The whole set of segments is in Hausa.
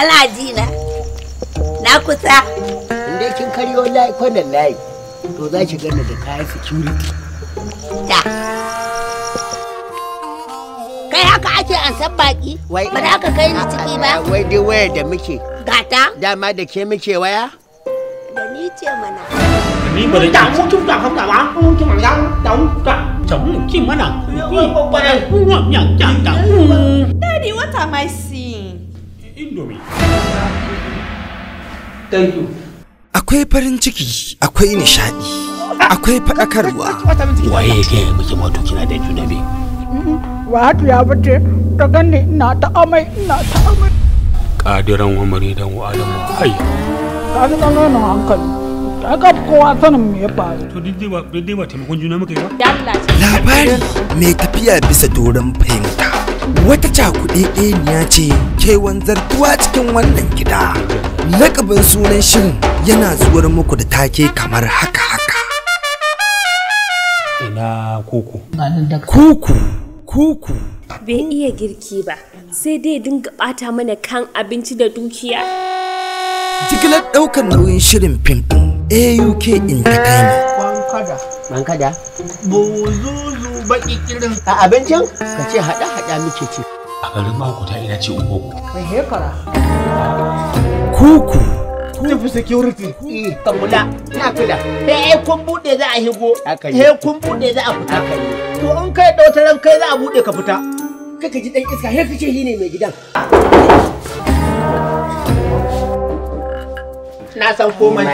kana ji na na kusa inda kin kin karyo ko nan layi to za ki gane da kayan security da kai haka ake an san baki ba da ka kai ni ciki ba wai dai waya da muke gata dama da ke muke waya da ni ce mana ni ba da mu tun da haka ba mu ki da da mu da da mu kin mana ni ba ba da mu ya ya da mu dadi what am i indomie thank you akwai farin ciki akwai nishadi akwai fadakarwa waye ya gaya miki wato kina da juna biyu mm-hmm. wato ya bace ta ganni ina ta amai ina ta amai kadiran wa maridan wa alamu hayya ka ga nan hankali aka kowa sanin me ya faru. To duk dai ba taimakon juna muka yi ba? Labari mai tafiya bisa doron fai wata cakuɗeɗeniya ce ke wanzartuwa cikin wannan gida lakabin sunan shirin yana zuwar muku da take kamar haka haka ina kuku kuku kuku bai iya girki ba sai dai dinga bata mana kan abinci da dukiya jigilar ɗaukar nauyin shirin fim auk entertainment bankada bankada bozozo baki kirin a abincin ka ce hada hada muke ce a garin makuta ina ce ugogo mai hefara kuku tafi security eh, ka kula na kula sai eh, ai eh, kun bude za a higo sai kun bude za a fita kai? to in kai dautaran kai za a bude ka fita kaka ji dan iska sai kace shi ne mai gidan na san komai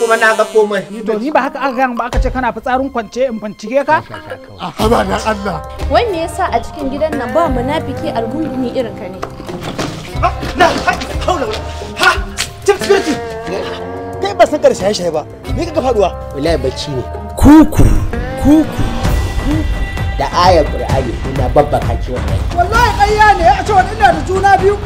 kuma na ga komai to ni ba haka aka ba aka ce kana fitsarin kwance in bincike ka a ah, haba dan Allah wanne yasa a cikin gidan nan ba munafiki algungumi irin ka ne ah, na haula ha tafsirti kai ba san karshe shaye ba ni kaga faduwa wallahi bacci ne kuku kuku da ayar qur'ani ina babba kaki wannan wallahi ƙarya ne a ce wannan ina da juna biyu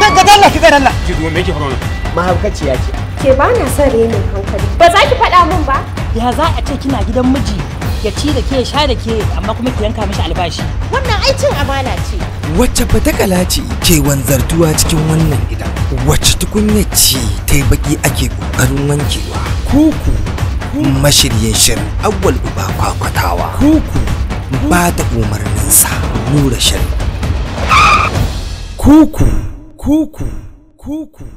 kan ka dalla ki ga dalla ki dume ki faruwa mahaukaciya ce ke ba na son rene hankali ba za ki faɗa min ba ya za a ce kina gidan miji ya ci da ke sha da ke amma kuma ki yanka mishi albashi wannan aikin amana ce wacce fatakala ce ke wanzartuwa cikin wannan gida wacce tukunya ce ta baki ake kokarin wankewa kuku mashiryin shirin awwal uba kwakwatawa kuku ba da umarninsa nura shirin kuku kuku kuku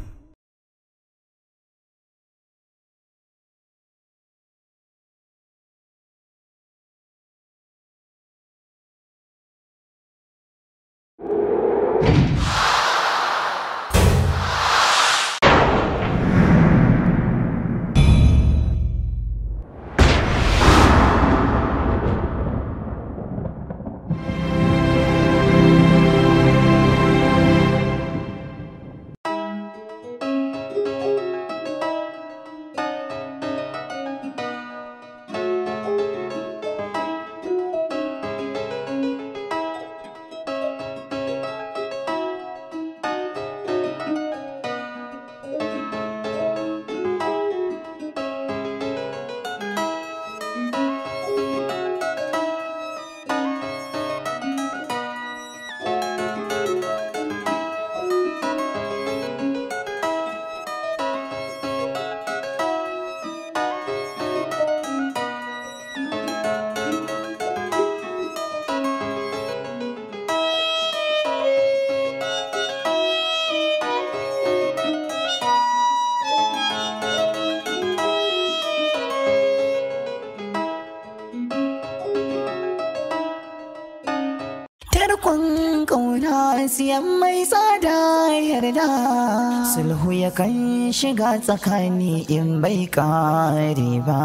sulhu ya kan shiga tsakani in bai kare ba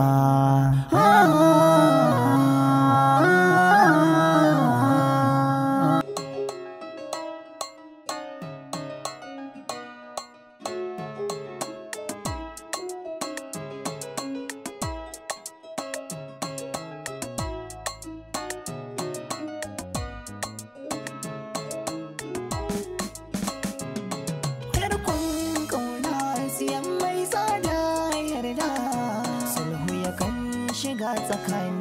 ah. kind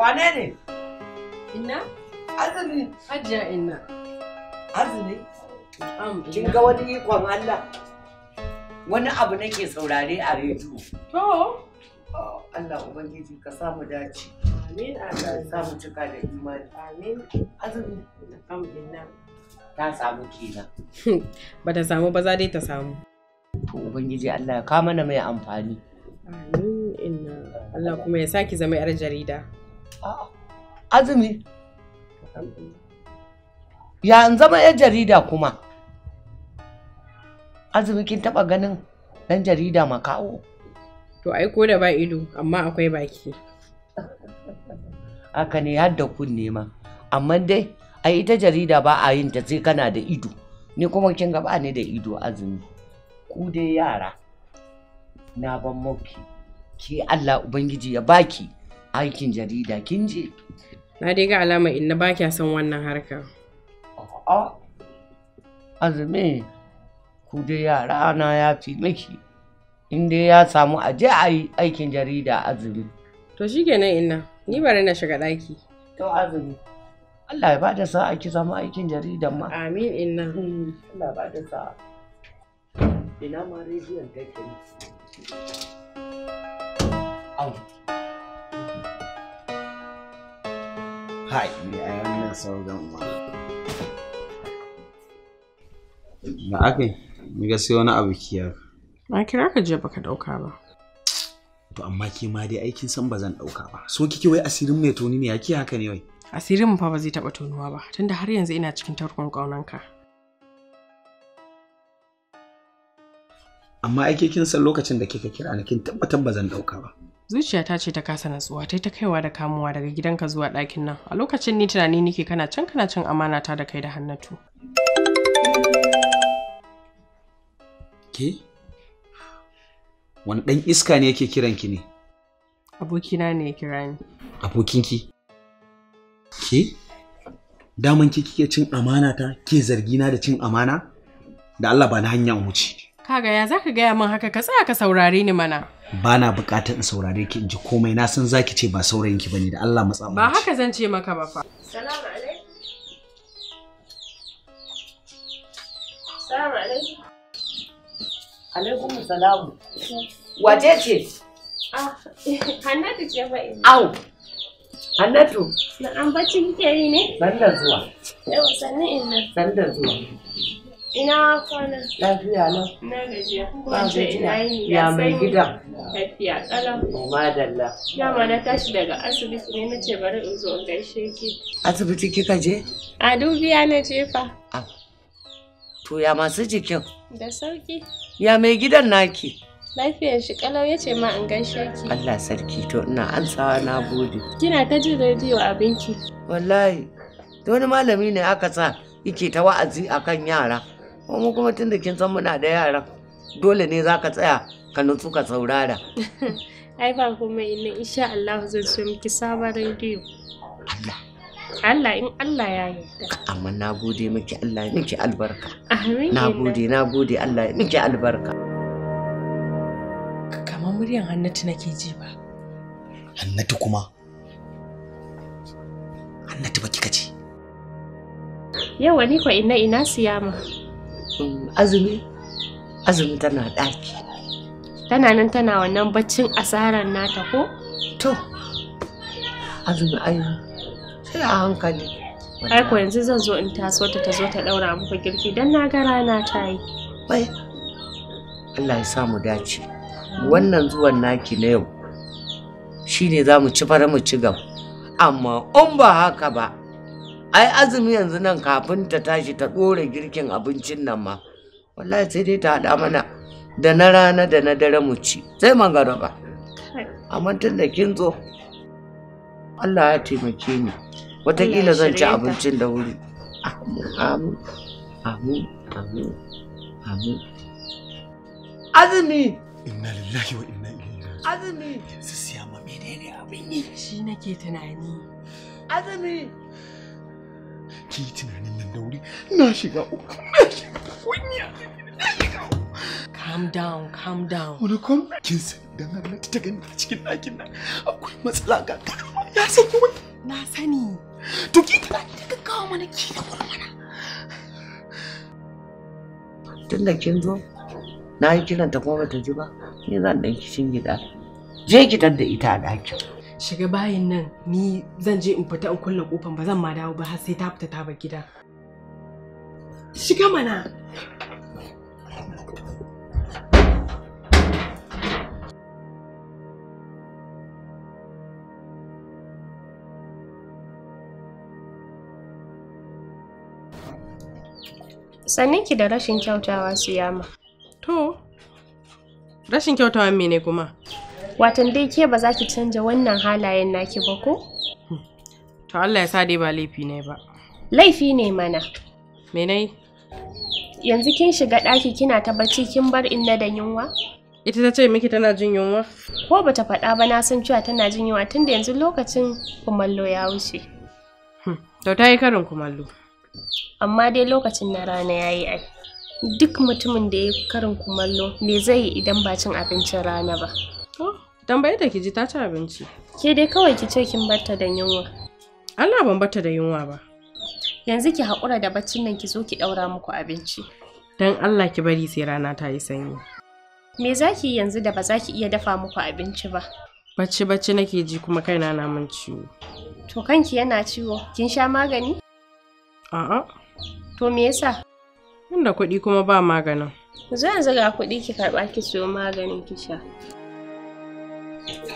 kwana ne? Inna? Azumi. Hajiya Inna. Azumi? Kin ga wani ikon Allah? Wani abu nake saurare a rediyo. To? Oh, Allah Ubangiji ka samu dace. Amin Allah. Samu cika da imani. Amin. Azumi. Alhamdulillah. Ta samu kenan. Ba ta samu ba za dai ta samu. To Ubangiji Allah ya kama na mai amfani. Amin. Allah kuma ya saki zama 'yar jarida. Ah. azumi ya in zama yan jarida kuma azumi kin taba ganin dan jarida kawo? to ai ko da ba ido amma akwai baki haka ne har kun nema. ma amma dai ai ita jarida ba a yin ta sai kana da ido ni kuma kin gaba ba ni da ido azumi ku dai yara na ban mauki Ki Allah ubangiji ya baki aikin jarida kin je na dai ga alama inna ba kya son wannan harka a azumi ku dai yara na ya fi miki in dai ya samu aje a yi aikin jarida azumi to shikenan inna ni bari na shiga ɗaki to azumi Allah ya ba da sa'a ki samu aikin jaridan ma amin inna Allah ya ba da sa'a ina ma rediyon take au はい ina sauran uwa? na aka yi gaskiya wani abu kiyar ba kira ka je baka dauka ba to amma ke ma dai aikin san bazan ɗauka dauka ba so kike wai asirin mai toni ne yake haka ne wai asirin mu fa ba zai taba tonuwa ba tunda har yanzu ina cikin tarkon ka. amma aike kin san lokacin da kika kira ni kin tabbatar bazan ɗauka dauka ba zuciyata ce ta kasa natsuwa ta yi ta kaiwa da kamuwa daga gidanka zuwa ɗakin nan a lokacin ni tunani nike kana can kana cin amana ta da kai da hannatu ke wani ɗan iska ne yake kiran ki ne abokina ne ya kira ni abokinki ke daman ki kike cin amana ta ke zargina da cin amana da Allah ba na hanya wuce kaga ya zaka gaya min haka ka tsaya ka saurare ni mana ba na bukatar in saurare ki in ji komai na san zaki ce ba saurayin ki bane da Allah tsama. ba haka zan ce maka ba fa salamu alaikum salamu alaikum alaikum waje ce ah hannatu ce fa ina au hannatu na an bacci kike yi ne ban da zuwa yau sannan ina ban da zuwa Ina kwana. Lafiya nan. Na gajiya. Wace ina yi ya mai gida. Lafiya ƙalau. Madalla. Dama na tashi daga asibiti ne na ce bari in zo in gaishe ki. Asibiti kika je? A dubiya na jefa. fa. To ya masu jikin? Da sauki. Ya mai gidan naki? Lafiyar shi kalau ya ce ma in gaishe ki. Allah sarki to ina ansawa na gode. Kina ta jin rediyo abinki. Wallahi. Da wani malami ne aka sa yake ta wa'azi akan yara. mu kuma tun da kin san muna da yaran dole ne za ka tsaya ka nutsu ka saurara ai ba kuma ina insha Allah zan so miki saba rediyo Allah Allah in Allah ya yarda amma na gode miki Allah ya miki albarka amin na gode na gode Allah ya miki albarka kamar muryan Hannatu nake ji ba Hannatu kuma Hannatu ba kika ce yawa ni ko ina ina siyama azumi azumi tana ɗaki tana nan tana wannan baccin asarar nata ko to azumi ai sai a hankali ai ko yanzu zan zo in taso ta ta zo ta daura muku girki dan na ga rana ta yi bai Allah ya sa dace wannan zuwan naki na yau shine za mu ci fara mu ci gaba. amma in ba haka ba ai azumi yanzu nan kafin ta tashi ta ɗora girkin abincin nan ma wallahi sai dai ta haɗa mana da na rana da na dare mu ci sai ba. amma tun da kin zo Allah ya taimake ni Wataƙila zan ci abincin da wuri amin amin amin amin azumi inna lillahi wa inna ilaihi azumi yanzu siya ma menene abin yi shi nake tunani azumi ki yi tunanin nan da wuri na shiga uku na shiga kunya na shiga uku calm down calm down wani kom kin san dan Allah ta gani a cikin ɗakin nan akwai matsala ga ya sani wani na sani to ki tana ki daga kawo mana ki da mana tun da kin zo na yi ta kuma bata ji ba ni zan ɗan kishin gida je ki da ita a ɗakin shiga bayin nan ni zan je in fita in kulle kofan ba zan ma dawo ba har sai ta fita ta bar gida shiga mana sannin ki da rashin kyautawa su yama to rashin kyautawa mene kuma Watan dai ke ba za ki canja wannan halayen naki ba ko? To Allah ya sa dai ba laifi ne ba. Laifi ne mana. Menai? Yanzu kin shiga ɗaki kina ta bacci kin bar inna da yunwa? Ita ta ce miki tana jin yunwa? Ko ba ta faɗa ba na san cewa tana jin yunwa tunda yanzu lokacin kumallo ya wuce. Hmm, to ta yi karin kumallo. Amma dai lokacin na rana ya yi ai. Duk mutumin da ya karin kumallo me zai yi idan ba cin abincin rana ba? Tambaye ta ki ji ta ci abinci. Ke dai kawai ki ce kin barta da yunwa. Allah ban barta da yunwa ba. Yanzu ki haƙura da baccin nan ki zo ki ɗaura muku abinci. Dan Allah ki bari sai rana ta yi sanyi. Me za ki yi yanzu da ba za ki iya dafa muku abinci ba? Bacci bacci nake ji kuma kaina na min ciwo. To kanki yana ciwo, kin sha magani? A'a. To me yasa? Inda kuɗi kuma ba maganin. Zan zaga kuɗi ki karɓa ki siyo maganin ki sha.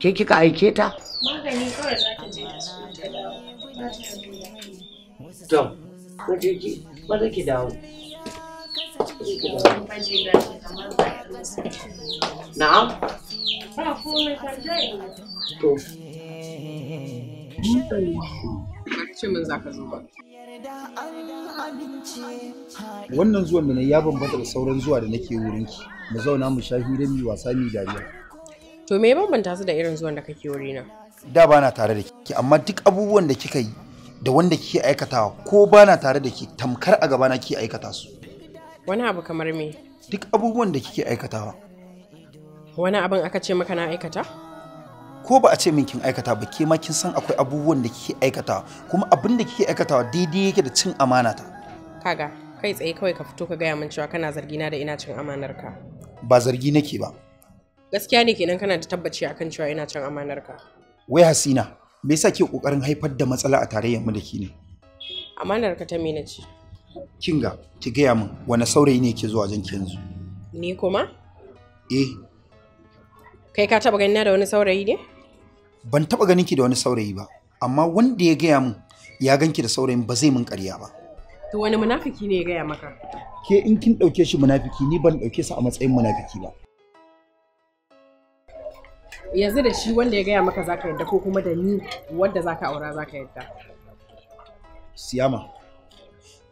ke kika aike ta magani kawai za ta je da su ta dawo to ko je ki ba za ki dawo na'am ba to min za ka wannan zuwan da ya bambanta da sauran zuwa da nake wurinki mu zauna mu sha hira mu wasa mu dariya To me bambanta su da irin zuwan da kake wuri na? Da ba na tare da ke, amma duk abubuwan da kika yi da wanda kike aikatawa ko ba na tare da ke, tamkar a gabana ke aikata su. Wani abu kamar me? Duk abubuwan da kike aikatawa. Wani abin aka ce maka na aikata? Ko ba a ce min kin aikata ba ke ma kin san akwai abubuwan da kike aikatawa kuma abin da kike aikatawa daidai yake da cin amana ta. Kaga kai tsaye kawai ka fito ka gaya min cewa kana zargina da ina cin amanar ka. Ba zargi nake ba. gaskiya ne kenan kana da tabbaci akan cewa ina cin amanar ka wai hasina me yasa ke kokarin haifar da matsala a tarayyar mu da ki ne amanar ka ta mene ce kinga ki gaya min wani saurayi ne ke zuwa wajen ki yanzu ni kuma eh kai ka taba ganin da wani saurayi ne ban taba ganin ki da wani saurayi ba amma wanda ya gaya min ya ganki da saurayin ba zai min ƙarya ba to wani munafiki ne ya gaya maka ke in kin ɗauke shi munafiki ni ban ɗauke sa a matsayin munafiki ba yanzu da shi wanda ya gaya maka zaka yadda ko kuma da ni wanda zaka aura zaka yadda siyama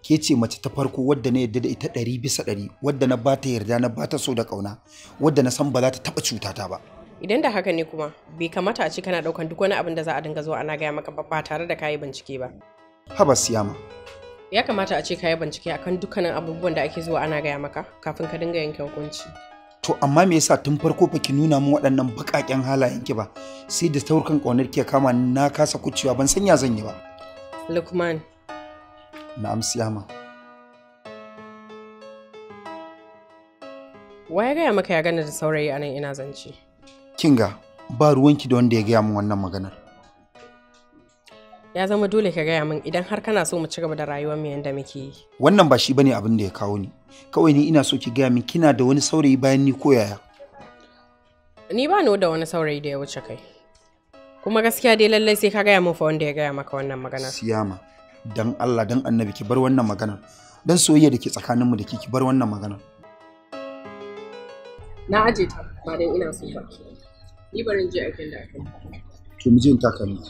ke ce mace ta farko wadda na yadda da ita ɗari bisa ɗari wadda na bata yarda na bata so da ƙauna wadda na san ba za ta taɓa cutata ba idan da haka ne kuma bai kamata a ci kana ɗaukan duk wani abin da za a dinga zuwa ana gaya maka ba tare da kayi bincike ba haba siyama ya kamata a ce kayi bincike akan dukkanin abubuwan da ake zuwa ana gaya maka kafin ka dinga yanke hukunci to amma me yasa tun farko fa ki nuna mu waɗannan baƙaƙen halayen ki ba sai da taurukan ƙaunar ki kama na kasa kucewa ban sanya zan yi ba Lukman na'am siyama ya gaya maka ya gana da saurayi anan ina zance kinga ba ruwanki da wanda ya gaya min wannan maganar ya zama dole ka gaya min idan har kana so mu ci gaba da rayuwar mu yanda muke yi wannan ba shi bane abin da ya kawo ni kawai ni ina so ki gaya min kina da wani saurayi bayan ni ko yaya ni ba ni da wani saurayi da ya wuce kai kuma gaskiya dai lallai sai ka gaya min fa wanda ya gaya maka wannan magana siyama dan Allah dan annabi ki bar wannan magana dan soyayya da ke tsakaninmu da ki ki bar wannan magana na aje ta ba dan ina so ba ni barin je aikin da kai. to mu je in takalmi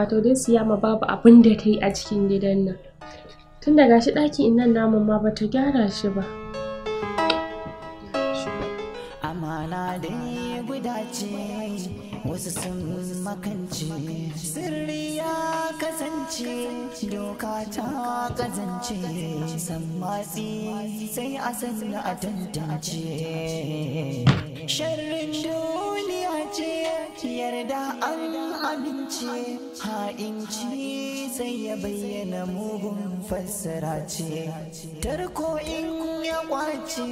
wato dai ma babu abin da ta yi a cikin gidan nan tun da gashi ɗakin nan namun ma bata gyara shi ba amana dai guda ce wasu sun makance sirri ya kasance doka ta kazance san matsi sai a sanna a tantance sharrin duk yarda an amince ha'inci sai ya bayyana mugun fassara ce tarko in ya kwace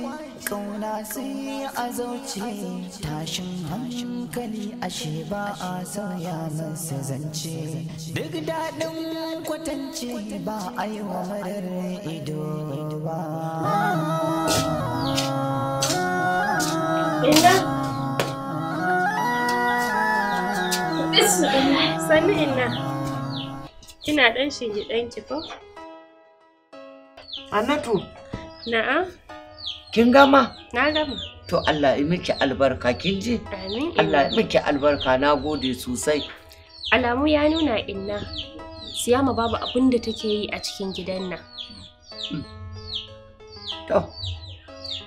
kauna sai a zauce tashin hankali ashe ba a sauya masa zance duk daɗin kwatance ba a yi wa marar ido ba Bilkisu, sannu ina. Ina ɗan shingiɗan ki ko? Annatu. Na'am. Kin gama? Na gama. To Allah ya miki albarka kin ji? Amin. Allah ya miki albarka na gode sosai. Alamu ya nuna inna. Siyama babu abin da take yi a cikin gidan nan. Mm. To.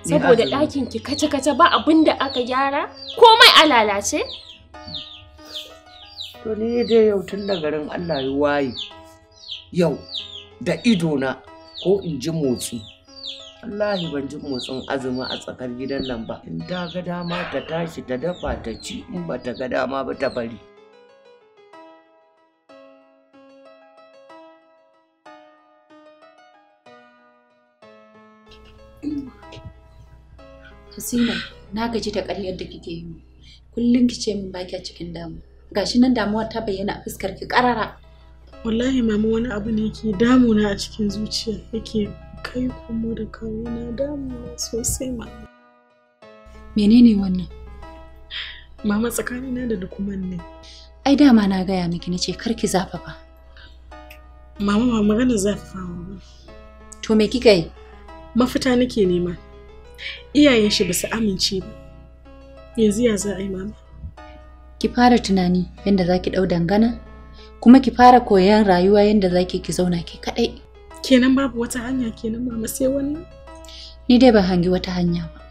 Saboda ɗakin ki kace-kace ba abin da aka gyara komai a lalace. to ni dai yau tun da garin Allah ya waye yau da idona ko in ji motsi Allah ban ji motsin azumi a tsakar gidan nan ba in ta ga dama ta tashi ta dafa ta ci in ba ta ga dama ba ta bari Hasina, na gaji da ƙaryar da kike yi. Kullum ki ce min baki cikin damu. gashi nan damuwar ta bayyana a fuskar ki karara wallahi mama wani abu ne ke damuna a cikin zuciya yake kai kuma da kawo na damuwa sosai mama menene wannan mama tsakanina da dukuman ne ai dama na gaya miki na ce karki zafafa mama ba magana zafafawa ba to me kika yi mafita nake nema iyayen shi ba su amince ba yanzu ya za a yi mama ki fara tunani yadda za ki ɗau dangana kuma ki fara koyan rayuwa yadda za ki ki zauna ke kaɗai. Kenan babu wata hanya kenan mama sai wannan? Ni dai ban hangi wata hanya ba,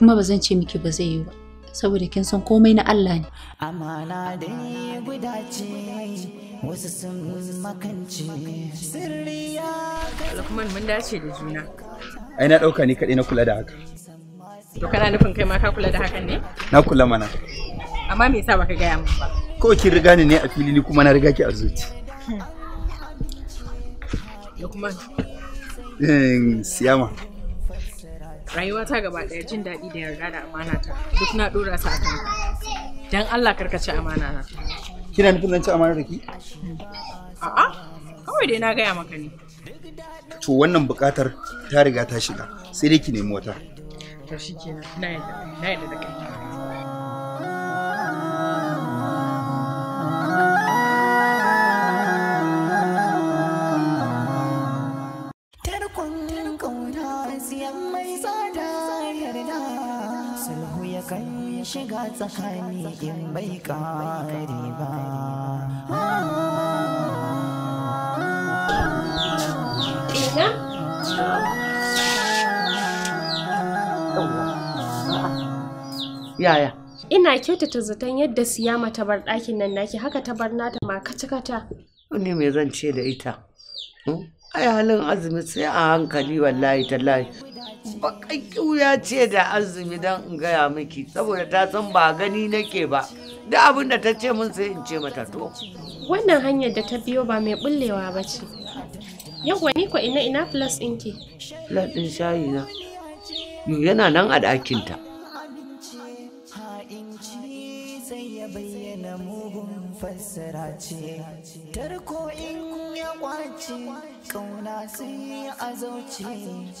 kuma ba zan ce miki ba zai yi ba, saboda kin san komai na Allah ne. Amana dai guda ce, wasu sun makance, sirri ya Lukman mun dace da juna. Ai na ɗauka ni kaɗai na kula da haka. To kana nufin kai ma ka kula da hakan ne? Na kula mana. amma me yasa baka gaya min ba ko kin riga ni ne a fili ni kuma na riga ki a zuci Lukman eh, siyama rayuwa ta gaba daya jin daɗi da yarda da amana ta duk na dora sa akan ka dan Allah karkace amana na kina nufin nan ci amana da ki a'a kawai dai na gaya maka ne to wannan bukatar ta riga ta shiga sai dai ki nemi wata to shikenan na yadda na yadda da kai tsakani bai yaya ina kyautata zaton yadda siyama ta bar ɗakin nan naki haka ta bar nata ma kata ne me zan ce da ita hmm? ai halin azumi sai a hankali wallahi tallahi bakan ce da azumi don in gaya miki saboda ta san ba gani nake ba da abin da ta ce min sai in ce mata to wannan hanyar da ta biyo ba mai bullewa ba ce yawwa ni ko ina ina plus ɗinki plus ɗin shayi na yana nan a ɗakinta fassara ce tarko in ya kwace kauna sun a zauce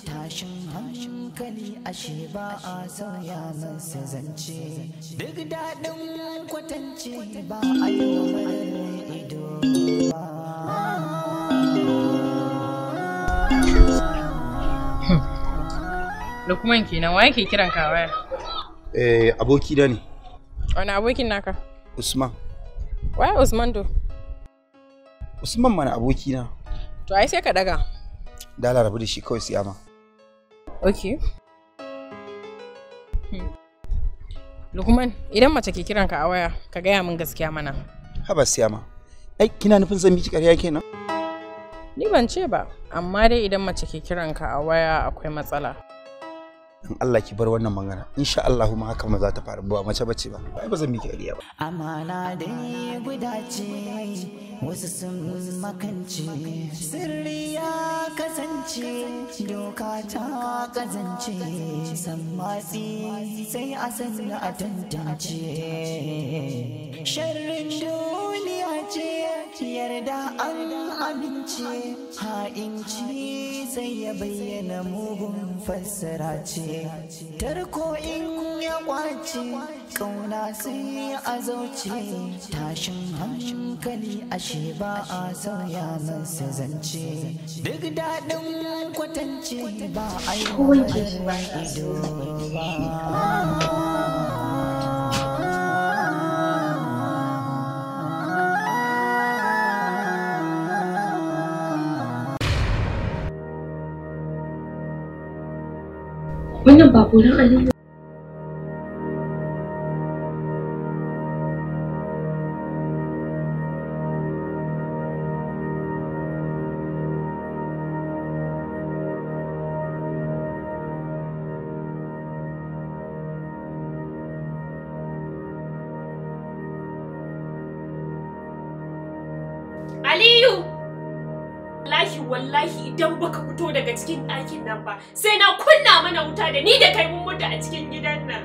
tashin hankali ashe ba a sauya masa zance duk daɗin kwatance ba a yi ido Lukman kenan wa yake kiran kawai Eh aboki da ne. Wani abokin naka? Usman. Waya Usman do? Usman mana abokina. To ai sai ka daga. Da rabu da shi kawai siyama. Okay. Hmm. Lukman, idan mace ke kiranka a waya, ka gaya min gaskiya mana. Haba siyama. Ai kina nufin zan miki ƙarya kenan? Ni ban ce ba, amma dai idan mace ke kiranka a waya akwai matsala. in Allah ki bar wannan magana insha Allah ma haka ma za ta faru ba mace bace ba ai ba zan miki ariya ba amana dai guda ce wasu sun makance sirri ya kasance doka ta kazance san matsi sai a sanna a tantance sharrin duniya amince yarda an amince ha'inci sai ya bayyana mugun fassara ce tarko in ya kwace kauna sai a zauce tashin hankali ashe ba a sauya masa zance duk daɗin kwatance ba a yi ido ba wannan ba gurin aliyu Aliyu! Wallahi wallahi idan baka fito daga cikin ɗakin nan ba da ni da kai mun mutu a cikin gidan nan.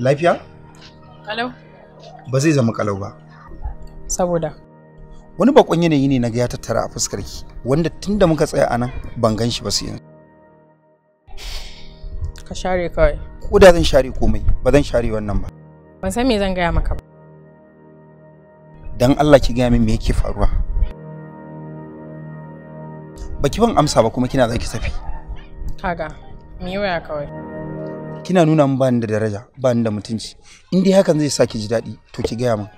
Lafiya? Kalau. Ba zai zama kalau ba. Saboda. Wani bakon yanayi ne na ga ya tattara a fuskar ki wanda da muka tsaya a nan ban gan shi ba su yanzu. Ka share kawai. Ko da zan share komai ba zan share wannan ba. Ban san me zan gaya maka ba. Dan Allah ki gaya min me yake faruwa. baki ban amsa ba kuma kina zaki safi kaga mu waya kawai kina nuna min bani da daraja bani da mutunci in dai hakan zai saki ji dadi to ki gaya min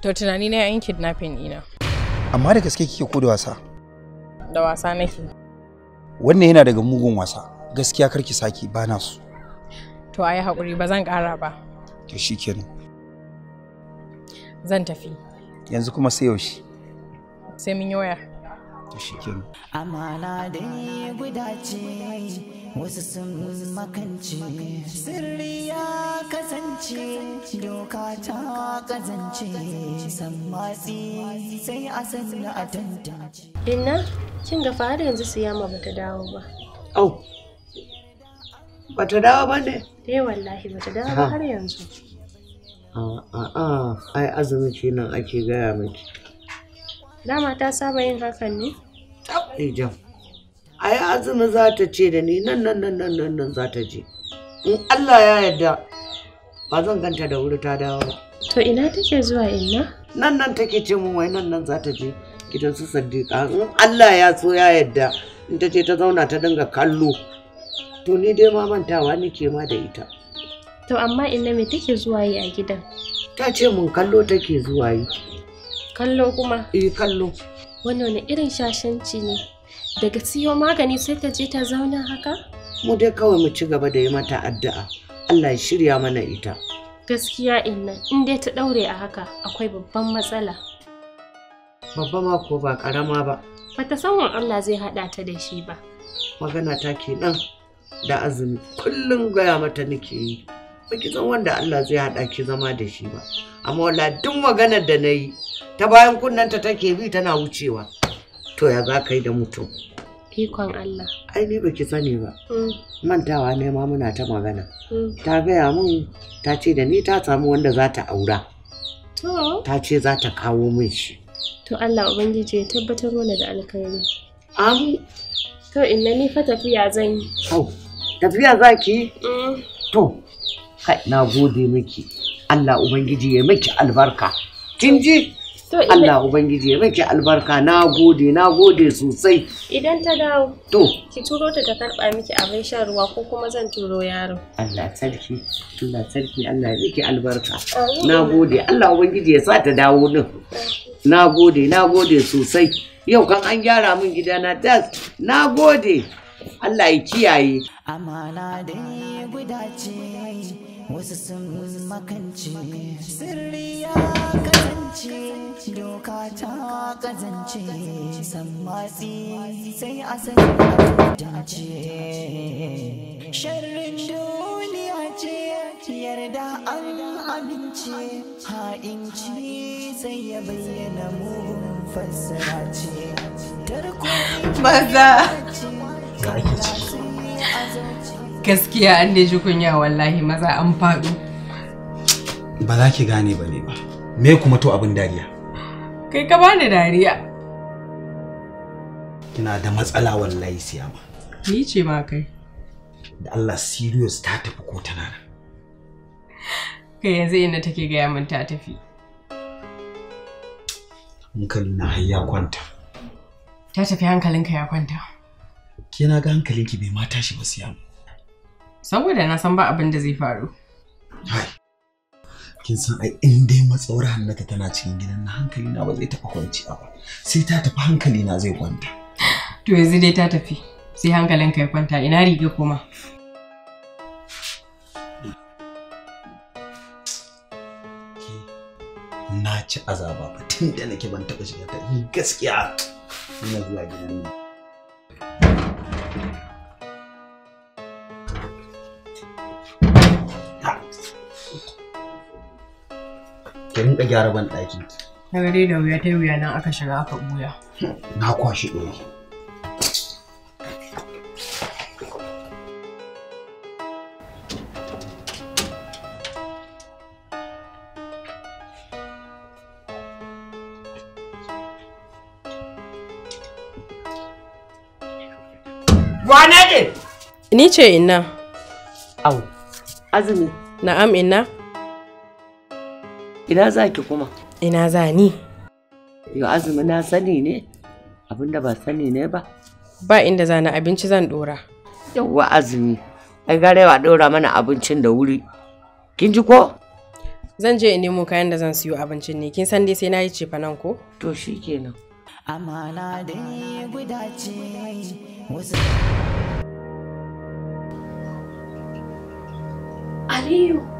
to tunani na yan kidnapping ina amma da gaske kike ko da wasa da wasa nake wannan yana daga mugun wasa gaskiya kar ki saki ba na su to ayi hakuri ba zan kara ba to shikenan zan tafi yanzu kuma sai yaushe sai mun yi waya amana dai guda ce wasu sun makance sirri ya kasance doka ta kazance sammatsi sai a sanna a tantance inna kin gafa har yanzu siyama bata dawo ba au bata dawo ba ne eh wallahi bata dawo ba har yanzu a'a ai azumi nan ake gaya miki Dama ta saba yin hakan ne? Ijam. Eh, Ai azumi za ta ce da ni nan nan nan nan nan nan za ta je. In Allah ya yarda ba zan ganta da wuri ta dawo ba. To ina take zuwa inna? Nan nan take ce mun wai nan nan za ta je gidan su Sadiqa. In Allah ya so ya yarda in ta ce ta zauna ta dinga kallo. To ni dai ma mantawa nake ma da ita. To amma inna me take zuwa yi a gidan? Ta ce mun kallo take zuwa yi. Kallo kuma? Eh kallo. Wannan wani irin shashanci ne? Daga siyo magani sai ta je ta zauna haka? Mu dai kawai mu ci gaba da yi mata addu'a. Allah ya shirya mana ita. Gaskiya inna, in dai ta daure a haka akwai babban matsala. Babba ma ko ba karama ba. Bata san wa Allah zai hada ta da shi ba. Magana ta ke nan, da azumi kullum gaya mata nake yi. baki san wanda Allah zai haɗa ki zama da shi ba amma wala duk maganar da na yi ta bayan kunnanta take bi tana wucewa to ya za ka yi da mutum ikon Allah ai ni baki sani ba mm. mantawa ne ma muna ta magana mm. ta gaya mun ta ce da ni ta samu wanda za ta aura ta ce za ta kawo min shi to Allah ubangiji ya tabbatar mana da alkhairi am to inna ni fa tafiya zan yi tafiya za ki mm. to kai na gode miki Allah ubangiji ya miki albarka kin ji Allah ubangiji ya miki albarka na gode na gode sosai idan ta dawo to ki turo ta ta karba miki abin shan ruwa ko kuma zan turo yaro Allah sarki Allah sarki Allah ya miki albarka na gode Allah ubangiji ya sa ta dawo din na gode na gode sosai yau kan an gyara min gidana tas na gode Allah ya kiyaye amana dai gudace wasu sun makance sirri ya kasance doka ta kazance san masi sai a dace sharrin duniya ce yarda an amince ha'inci sai ya bayyana mugun fassara ce tarko maza ka yi ciki Gaskiya an ji kunya wallahi maza an faɗo. Ba za ki gane ba ne ba. Me kuma to abin dariya? Kai ka bani dariya. Kina da matsala wallahi siyama. Ni ce ma kai. Da Allah serious ta tafi ko tana nan. Kai yanzu inda take gaya min ta tafi. Hankali na har ya kwanta. Ta tafi hankalinka ya kwanta. Kina ga hankalinki bai ma tashi ba siyama. Saboda na san ba abin da zai faru. Kin san ai in dai matsaura hannata tana cikin gidan na hankali na ba zai taɓa kwanciya ba. Sai ta tafi hankali na zai kwanta. To yanzu dai ta tafi. Sai ka ya kwanta ina riga kuma. na ci azaba ba tun da nake ban taɓa shiga ta gaskiya ina zuwa gidan nan rinka gyara ban ɗakin ki. Daga dai da wuya ta wuya nan aka shiga aka buya. Na kwashi ɗaya. Wane ne? Ni ce ina. Au. Azumi. Na'am ina. ina za ki kuma ina za ni yo azumi na sani ne abinda ba sani ne ba ba inda za na abinci zan dora yawwa azumi ai wa dora mana abincin da wuri kin ji ko zan je in nemo kayan da zan siyo abincin ne kin san dai sai na yi cefa nan ko to kenan. amana dai guda ce Aliyu